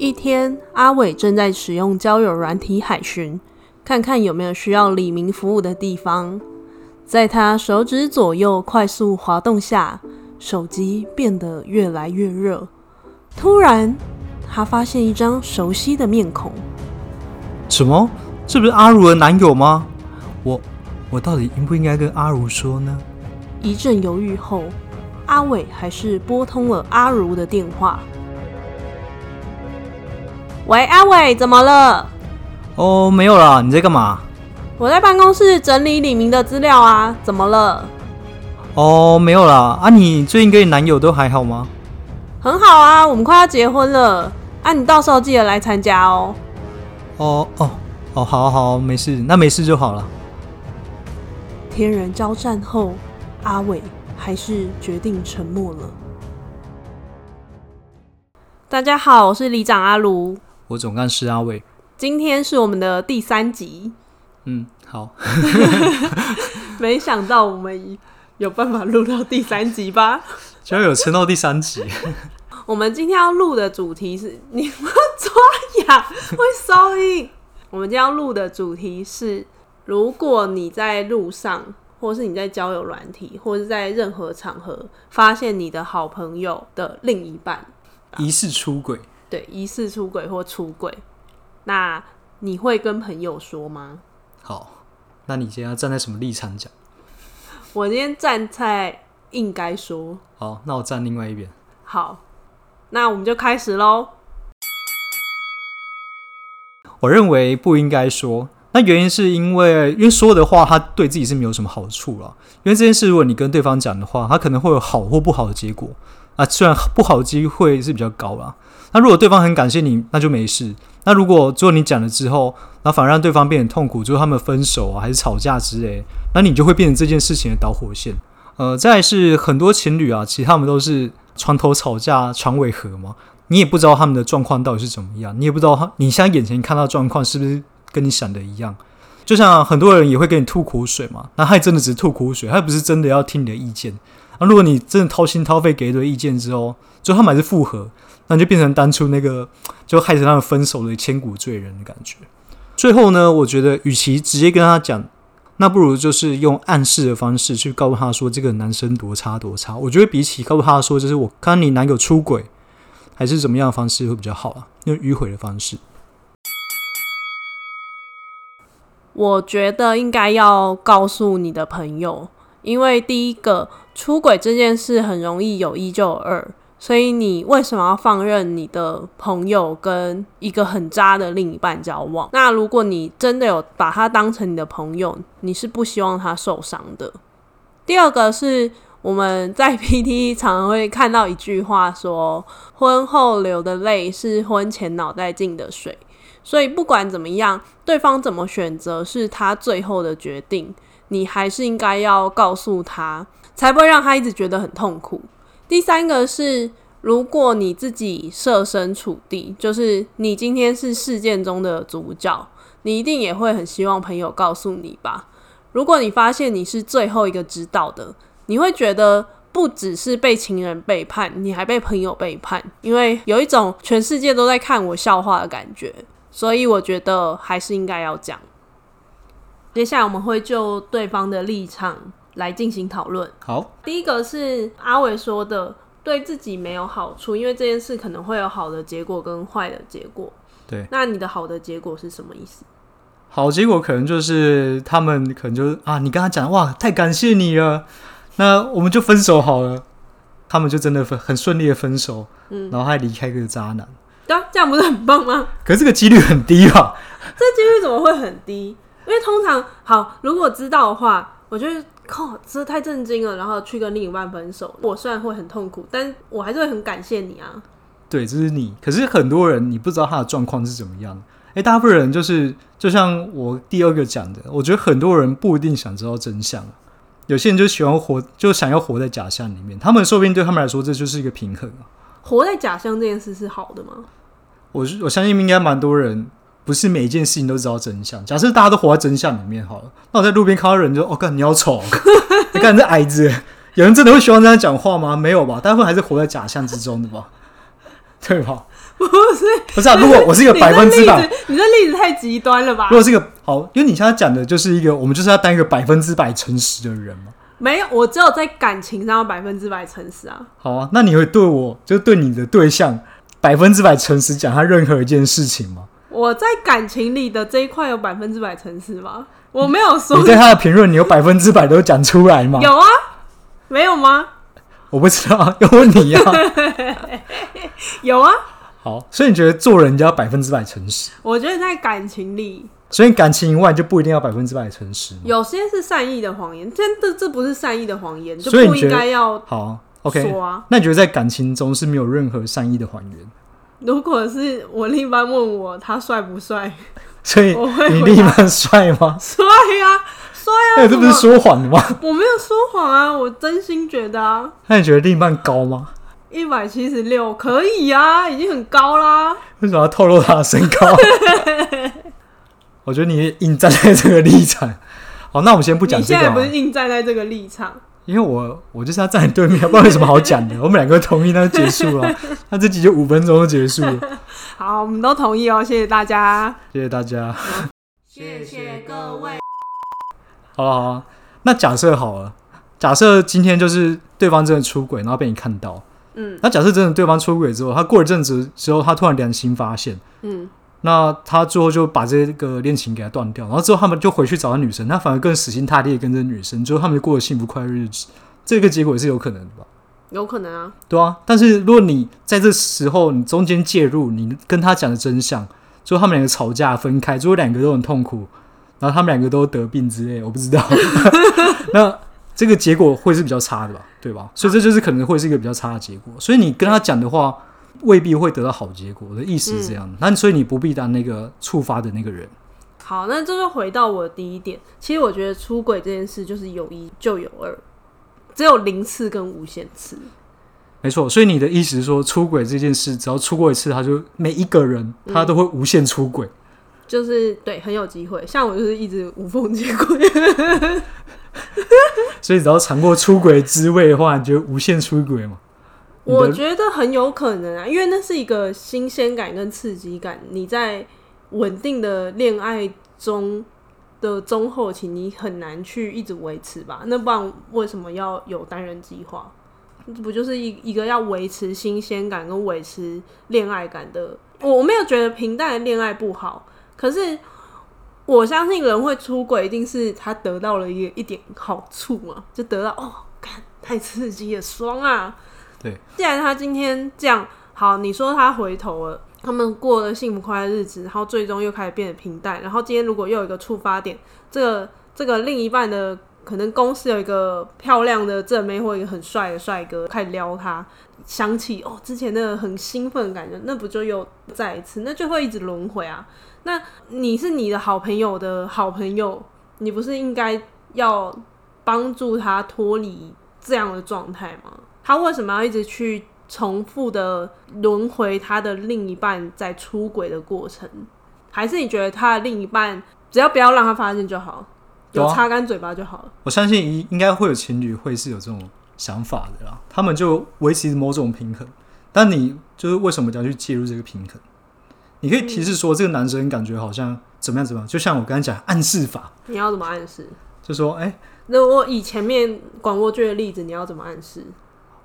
一天，阿偉正在使用交友軟體海巡，看看有沒有需要李明服務的地方。在他手指左右快速滑動下，手機變得越來越熱。突然，他發現一張熟悉的面孔。什麼？這不是阿如的男友嗎？我，我到底應不應該跟阿如說呢？一陣猶豫後，阿偉還是撥通了阿如的電話。喂，阿偉，怎麼了？哦，沒有啦。你在幹嘛？我在辦公室整理李明的資料啊。怎麼了？哦，沒有啦。啊，你最近跟你男友都還好嗎？很好啊，我們快要結婚了。啊，你到時候記得來參加哦。哦哦哦，哦好，好好，沒事，那沒事就好了。天人交戰後，阿偉還是決定沉默了。大家好，我是里長阿盧。我總幹事阿偉，今天是我們的第三集。嗯，好， 沒想到我們有辦法錄到第三集吧？居然有撐到第三集。 我們今天要錄的主題是：你不抓牙會遭殃。 我們今天要錄的主題是：如果你在路上，或是你在交友軟體，或是在任何場合，發現你的好朋友的另一半疑似出軌。對，疑似出軌或出軌，那你會跟朋友說嗎？好，那你今天要站在什麼立場講？我今天站在應該說。好，那我站另外一邊。好，那我們就開始嘍。我認為不應該說，那原因是因為，因為說的話，他對自己是沒有什麼好處了。因為這件事，如果你跟對方講的話，他可能會有好或不好的結果。啊，雖然不好，機會是比較高啦。那如果對方很感謝你，那就沒事。那如果做你講了之後，那反而讓對方變得痛苦，就是他們分手啊，還是吵架之類，那你就會變成這件事情的導火線。呃，再來是很多情侶啊，其實他們都是床頭吵架，床尾和嘛。你也不知道他們的狀況到底是怎麼樣，你也不知道他，你現在眼前看到狀況是不是跟你想的一樣？就像、啊、很多人也會給你吐苦水嘛，那他也真的只是吐苦水，他也不是真的要聽你的意見。那、啊、如果你真的掏心掏肺給一堆意見之後，最後他們還是復合，那你就變成當初那個就害死他們分手的千古罪人的感覺。最後呢，我覺得與其直接跟他講，那不如就是用暗示的方式去告訴他說這個男生多差多差。我覺得比起告訴他說就是我看你男友出軌，還是怎麼樣的方式會比較好啊，用迂回的方式。我覺得應該要告訴你的朋友，因為第一個。出軌這件事很容易有一就有二，所以你為什麼要放任你的朋友跟一個很渣的另一半交往？那如果你真的有把他當成你的朋友，你是不希望他受傷的。第二個是我們在 PTT 常常會看到一句話說：“婚後流的淚是婚前腦袋進的水。”所以不管怎麼樣，對方怎麼選擇是他最後的決定，你還是應該要告訴他。才不會讓他一直覺得很痛苦。第三個是，如果你自己設身處地，就是你今天是事件中的主角，你一定也會很希望朋友告訴你吧？如果你發現你是最後一個知道的，你會覺得不只是被情人背叛，你還被朋友背叛，因為有一種全世界都在看我笑話的感覺。所以我覺得還是應該要講。接下來我們會就對方的立場。來進行討論。好，第一個是阿偉說的，對自己沒有好處，因為這件事可能會有好的結果跟壞的結果。對，那你的好的結果是什麼意思？好結果可能就是他們可能就是啊，你剛才講哇，太感謝你了，那我們就分手好了，他們就真的分很順利的分手，嗯，然後還離開一個渣男。對啊，這樣不是很棒嗎？可是這個幾率很低啊， 這幾率怎麼會很低？因為通常好，如果知道的話，我覺得。靠，這太震驚了！然後去跟另一半分手，我雖然會很痛苦，但我還是會很感謝你啊。對，這是你。可是很多人，你不知道他的狀況是怎麼樣。誒，大部分人就是，就像我第二個講的，我覺得很多人不一定想知道真相。有些人就喜歡活，就想要活在假象裡面。他們說不定對他們來說，這就是一個平衡啊。活在假象這件事是好的嗎？我我相信應該蠻多人。不是每一件事情都知道真相。假設大家都活在真相裡面好了，那我在路邊看到人就，我、哦、看你好醜、哦！你、啊、看這矮子，有人真的會希望這樣講話嗎？沒有吧，大部分還是活在假象之中的吧？對吧？不是，不是啊。如果我是一個百分之百，你這例子，這例子太極端了吧？如果是一個好，因為你現在講的就是一個，我們就是要當一個百分之百誠實的人嘛。沒有，我只有在感情上百分之百誠實啊。好啊，那你會對我，就是對你的對象百分之百誠實，講他任何一件事情嗎？我在感情裡的這一塊有百分之百誠實嗎、嗯？我沒有說。你對他的評論，你有百分之百都講出來嗎？ 有啊，沒有嗎？我不知道、啊，要問你啊。 有啊。好，所以你覺得做人就要百分之百誠實？我覺得在感情裡，所以感情以外就不一定要百分之百誠實。有些是善意的謊言，真的這不是善意的謊言，就不應該要、啊、好。OK，那你覺得在感情中是沒有任何善意的謊言？如果是我另一半問我他帥不帥，所以你另一半帥嗎？帥啊，帥啊！那這不是說謊嗎？我沒有說謊啊，我真心覺得啊。那你覺得另一半高嗎？一百七十六可以啊，已經很高啦。為什麼要透露他的身高？ 我覺得你硬站在這個立場，好，那我們先不講這個。你現在不是硬站在這個立場？因為我我就是要站在你對面，不知道有什麼好講的。 我們兩個同意那就結束了，那這集就五分鐘就結束了。 好，我們都同意哦，謝謝大家，謝謝大家，謝謝各位。好好好，那假設好了，假設今天就是對方真的出軌，然後被你看到。嗯，那假設真的對方出軌之後，他過了一陣子之後，他突然良心發現。嗯。那他最後就把這個戀情給他斷掉，然後之後他們就回去找他女生，他反而更死心塌地跟着女生，之後他們就過了幸福快樂日子，這個結果也是有可能的吧？有可能啊，對啊。但是如果你在這時候你中間介入，你跟他講的真相，最後他們兩個吵架分開，最後兩個都很痛苦，然後他們兩個都得病之類，我不知道， 那這個結果會是比較差的吧？對吧？所以這就是可能會是一個比較差的結果。所以你跟他講的話。未必會得到好結果的意思是這樣的，那、嗯、所以你不必當那個觸發的那個人。好，那這就回到我的第一點，其實我覺得出軌這件事就是有一就有二，只有零次跟無限次。沒錯，所以你的意思是說，出軌這件事只要出過一次，他就每一個人他都會無限出軌、嗯，就是對，很有機會。像我就是一直無縫接軌， 所以只要嘗過出軌滋味的話，你就無限出軌嘛。我覺得很有可能啊，因為那是一個新鮮感跟刺激感，你在穩定的戀愛中的中後期，你很難去一直維持吧？那不然為什麼要有單人計劃？這不就是一一個要維持新鮮感跟維持戀愛感的？我沒有覺得平淡的戀愛不好，可是我相信人會出軌，一定是他得到了一個一點好處嘛，就得到哦，看太刺激了，爽啊！對，既然他今天這樣好，你說他回頭了，他們過了幸福快樂的日子，然後最終又開始變得平淡。然後今天如果又有一個觸發點，這個這個另一半的可能公司有一個漂亮的正妹或一個很帥的帥哥開始撩他，想起哦之前那個很興奮的感覺，那不就又再一次，那就會一直輪回啊？那你是你的好朋友的好朋友，你不是應該要幫助他脫離這樣的狀態嗎？他為什麼要一直去重複的輪迴他的另一半在出軌的過程？還是你覺得他的另一半只要不要讓他發現就好、有擦乾嘴巴就好了？哦、我相信應應該會有情侶會是有這種想法的啦，他們就維持某種平衡。但你就是為什麼就要去介入這個平衡？你可以提示說，這個男生感覺好像怎麼樣怎麼樣？就像我剛才講暗示法，你要怎麼暗示？就說哎、欸，那我以前面廣播劇的例子，你要怎麼暗示？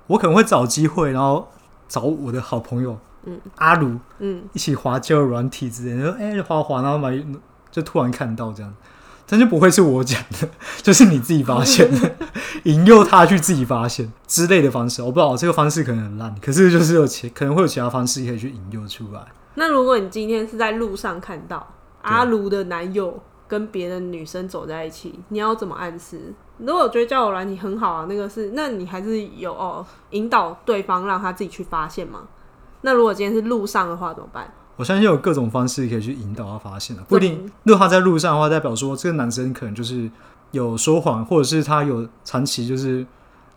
我可能會找機會，然後找我的好朋友，嗯，阿盧，嗯，一起滑交友軟體之類的。你、嗯、哎、欸，滑滑，然後就突然看到這樣，但就不會是我講的，就是你自己發現的， 引誘他去自己發現之類的方式。我不知道這個方式可能很爛，可是就是有其可能會有其他方式可以去引誘出來。那如果你今天是在路上看到阿盧的男友跟別的女生走在一起，你要怎麼暗示？如果我覺得叫我來，你很好啊，那個是，那你還是有哦引導對方讓他自己去發現嗎？那如果今天是路上的話怎麼辦？我相信有各種方式可以去引導他發現的，不一定。如果他在路上的話，代表說這個男生可能就是有說謊，或者是他有長期就是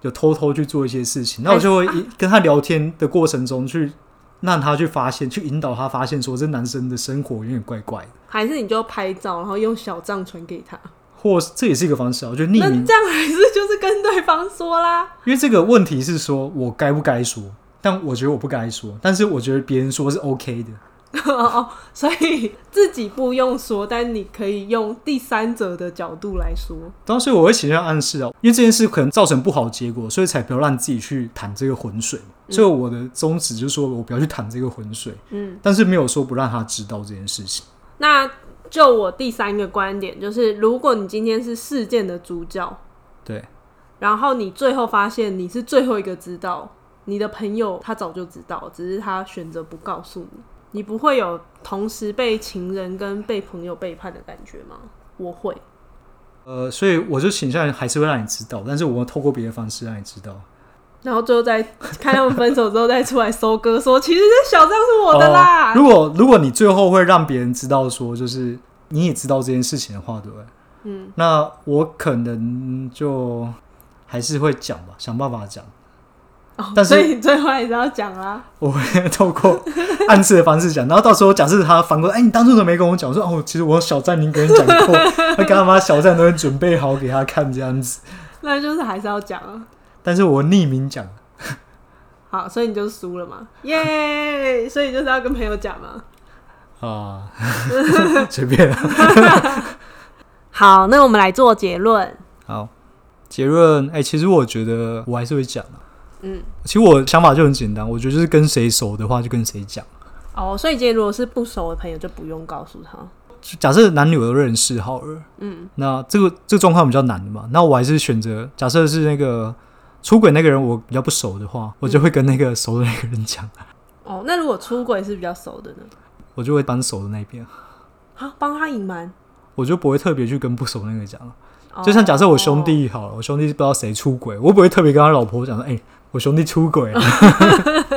有偷偷去做一些事情。那、哎、我就會跟他聊天的過程中去讓他去發現，啊、去引導他發現，說這男生的生活有點怪怪的。還是你就拍照，然後用小賬傳給他。或這也是一個方式啊，我覺得匿名。那這樣還是就是跟對方說啦。因為這個問題是說我該不該說，但我覺得我不該說，但是我覺得別人說是 OK 的。 哦，所以自己不用說，但你可以用第三者的角度來說。對啊，所以我會盡量暗示啊，因為這件事可能造成不好的結果，所以才不要讓自己去趟這個渾水，嗯。所以我的宗旨就是說我不要去趟這個渾水，嗯，但是沒有說不讓他知道這件事情。那。就我第三個觀點，就是如果你今天是事件的主角，對，然後你最後發現你是最後一個知道，你的朋友他早就知道，只是他選擇不告訴你，你不會有同時被情人跟被朋友背叛的感覺嗎？我會，呃，所以我就現在還是會讓你知道，但是我會透過別的方式讓你知道。然後最後再看他們分手之後再出來收割，說 其實這小站是我的啦。哦、如果如果你最後會讓別人知道說，就是你也知道這件事情的話，對不對？嗯，那我可能就還是會講吧，想辦法講。哦、但是所以你最後還是要講啊。我會透過暗示的方式講， 然後到時候假設他反過來，哎，你當初怎麼沒跟我講？我說哦，其實我小張，您跟人講過，那幹嘛？小站都會準備好給他看這樣子。 那就是還是要講啊。但是我匿名講，好，所以你就輸了嘛，耶、yeah！ 所以就是要跟朋友講嘛，啊，隨 隨便、啊。 好，那我們來做結論。好，結論，哎、欸，其實我覺得我還是會講嘛，嗯，其實我想法就很簡單，我覺得就是跟誰熟的話就跟誰講。哦，所以今天如果是不熟的朋友就不用告訴他。假設男女我都認識好了，嗯，那這個這個狀況比較難的嘛，那我還是選擇假設是那個。出軌那個人我比較不熟的話、嗯，我就會跟那個熟的那個人講。哦，那如果出軌是比較熟的呢？我就會幫熟的那邊。好，幫他隱瞞。我就不會特別去跟不熟的那個講、哦。就像假設我兄弟好了、哦，我兄弟不知道誰出軌，我不會特別跟他老婆講說：“哎、欸，我兄弟出軌、啊。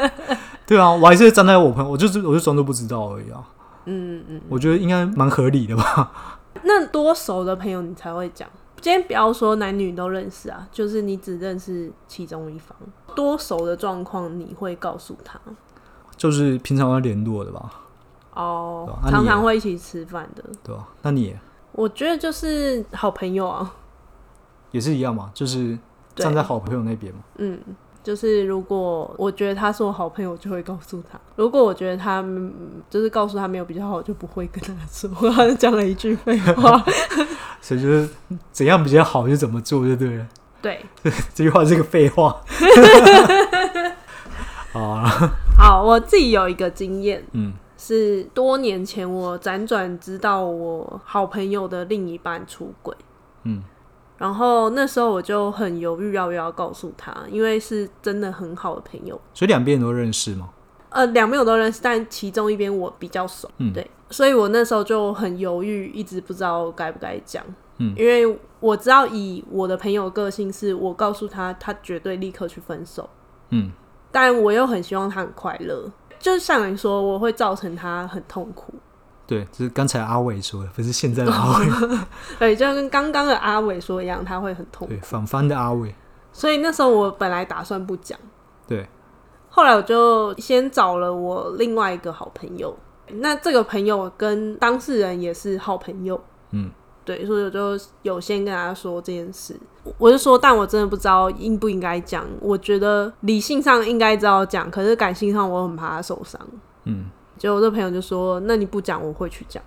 哦” 對啊，我還是站在我朋友，我就是我就裝作不知道而已啊。嗯嗯嗯，我覺得應該蠻合理的吧。那多熟的朋友你才會講？今天不要說男女都認識啊，就是你只認識其中一方，多熟的狀況你會告訴他，就是平常會聯絡的吧？哦、oh，常常會一起吃飯的，對，那你我覺得就是好朋友啊，也是一樣嘛，就是站在好朋友那邊嘛。嗯，就是如果我覺得他是我好朋友，就會告訴他，如果我覺得他就是告訴他沒有比較好，就不會跟他說。他就講 了一句廢話。 所以就是怎樣比較好就怎麼做就對了。對，這句話是個廢話。 好啊，好，我自己有一個經驗，嗯，是多年前我輾轉知道我好朋友的另一半出軌，嗯，然後那時候我就很猶豫要不要告訴他，因為是真的很好的朋友。所以兩邊人都認識嗎？呃，兩邊我都認識，但其中一邊我比較熟，對，嗯，所以我那時候就很猶豫，一直不知道該不該講，嗯，因為我知道以我的朋友個性，是我告訴他，他絕對立刻去分手，嗯，但我又很希望他很快樂，就像你說我會造成他很痛苦，對，就是剛才阿偉說的，不是現在的阿偉， 對，就像跟剛剛的阿偉說一樣，他會很痛苦，對，反翻的阿偉，所以那時候我本來打算不講。後來我就先找了我另外一個好朋友，那這個朋友跟當事人也是好朋友，嗯，對，所以我就有先跟他說這件事，我就說，但我真的不知道應不應該講，我覺得理性上應該知道講，可是感性上我很怕他受傷，嗯，結果我這朋友就說，那你不講我會去講，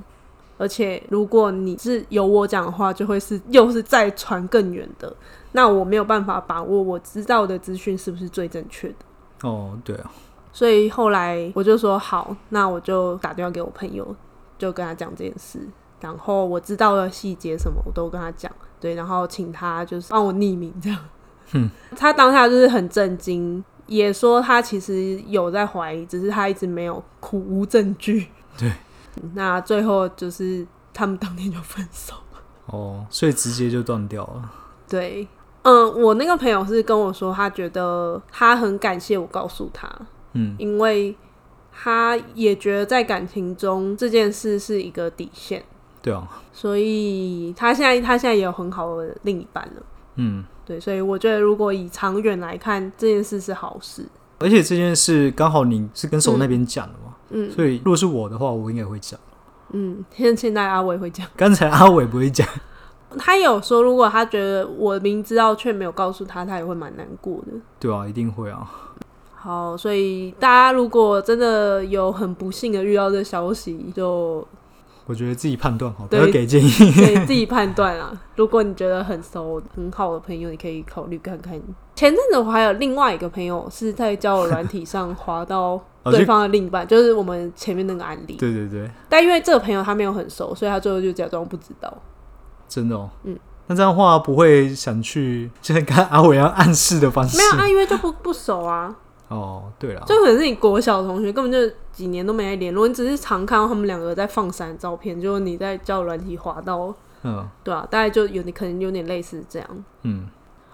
而且如果你是由我講的話，就會是又是再傳更遠的，那我沒有辦法把握我知道的資訊是不是最正確的。哦、oh，對啊，所以後來我就說好，那我就打電話給我朋友，就跟他講這件事，然後我知道的細節什麼我都跟他講，對，然後請他就是幫我匿名這樣。嗯、他當下就是很震驚，也說他其實有在懷疑，只是他一直沒有苦無證據。對，那最後就是他們當天就分手。哦、oh,，所以直接就斷掉了。 對。嗯，我那個朋友是跟我說，他覺得他很感謝我告訴他，嗯，因為他也覺得在感情中這件事是一個底線，對啊，所以他現在他現在也有很好的另一半了，嗯，對，所以我覺得如果以長遠來看，這件事是好事，而且這件事剛好你是跟手那邊講的嘛，嗯，嗯，所以如果是我的話，我應該會講，嗯，現現在阿偉會講，剛才阿偉不會講。他有說，如果他覺得我明知道卻沒有告訴他，他也會蠻難過的。對啊，一定會啊。好，所以大家如果真的有很不幸的遇到這個消息，就我覺得自己判斷好，不要給建議，給 自己判斷啊。如果你覺得很熟很好的朋友，你可以考慮看看。前陣子我還有另外一個朋友是在交友軟體上滑到對方的另一半， 就是我們前面那個案例。對，對對對。但因為這個朋友他沒有很熟，所以他最後就假裝不知道。真的哦，嗯，那這樣的話不會想去，就是看阿偉要暗示的方式，沒有，啊，因為就不不熟啊。哦，對了，就可能是你國小的同學，根本就幾年都沒來聯絡，如果你只是常看到他們兩個在放閃的照片，就是你在叫軟體滑到。嗯，對啊，大概就有你可能有點類似這樣，嗯。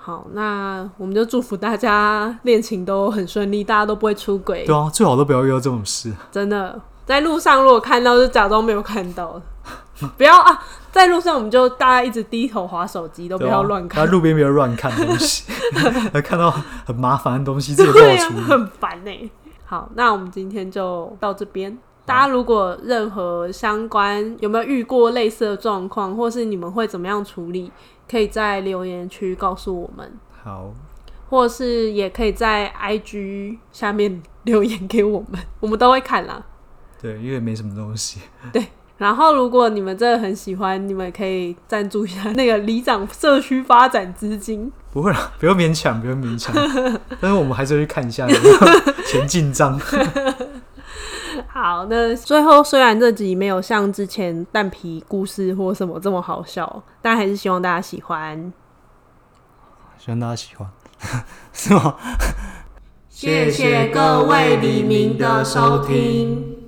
好，那我們就祝福大家戀情都很順利，大家都不會出軌。對啊，最好都不要遇到這種事。真的，在路上如果看到就假裝沒有看到， 不要啊。在路上，我們就大家一直低頭滑手機，都不要亂看。啊、路邊不要亂看東西， 看到很麻煩的東西，就己爆很煩呢、欸。好，那我們今天就到這邊。大家如果任何相關，有沒有遇過類似的狀況，或是你們會怎麼樣處理，可以在留言區告訴我們。好，或是也可以在 IG 下面留言給我們，我們都會看啦。對，因為沒什麼東西。對。然後，如果你們真的很喜歡，你們可以贊助一下那個里長社區發展資金。不會啦，不用勉強，不用勉強。 但是我們還是要去看一下 前進章。 好，那最後雖然這集沒有像之前蛋皮故事或什麼這麼好笑，但還是希望大家喜歡。希望大家喜歡， 是嗎？ 謝謝各位里民的收聽。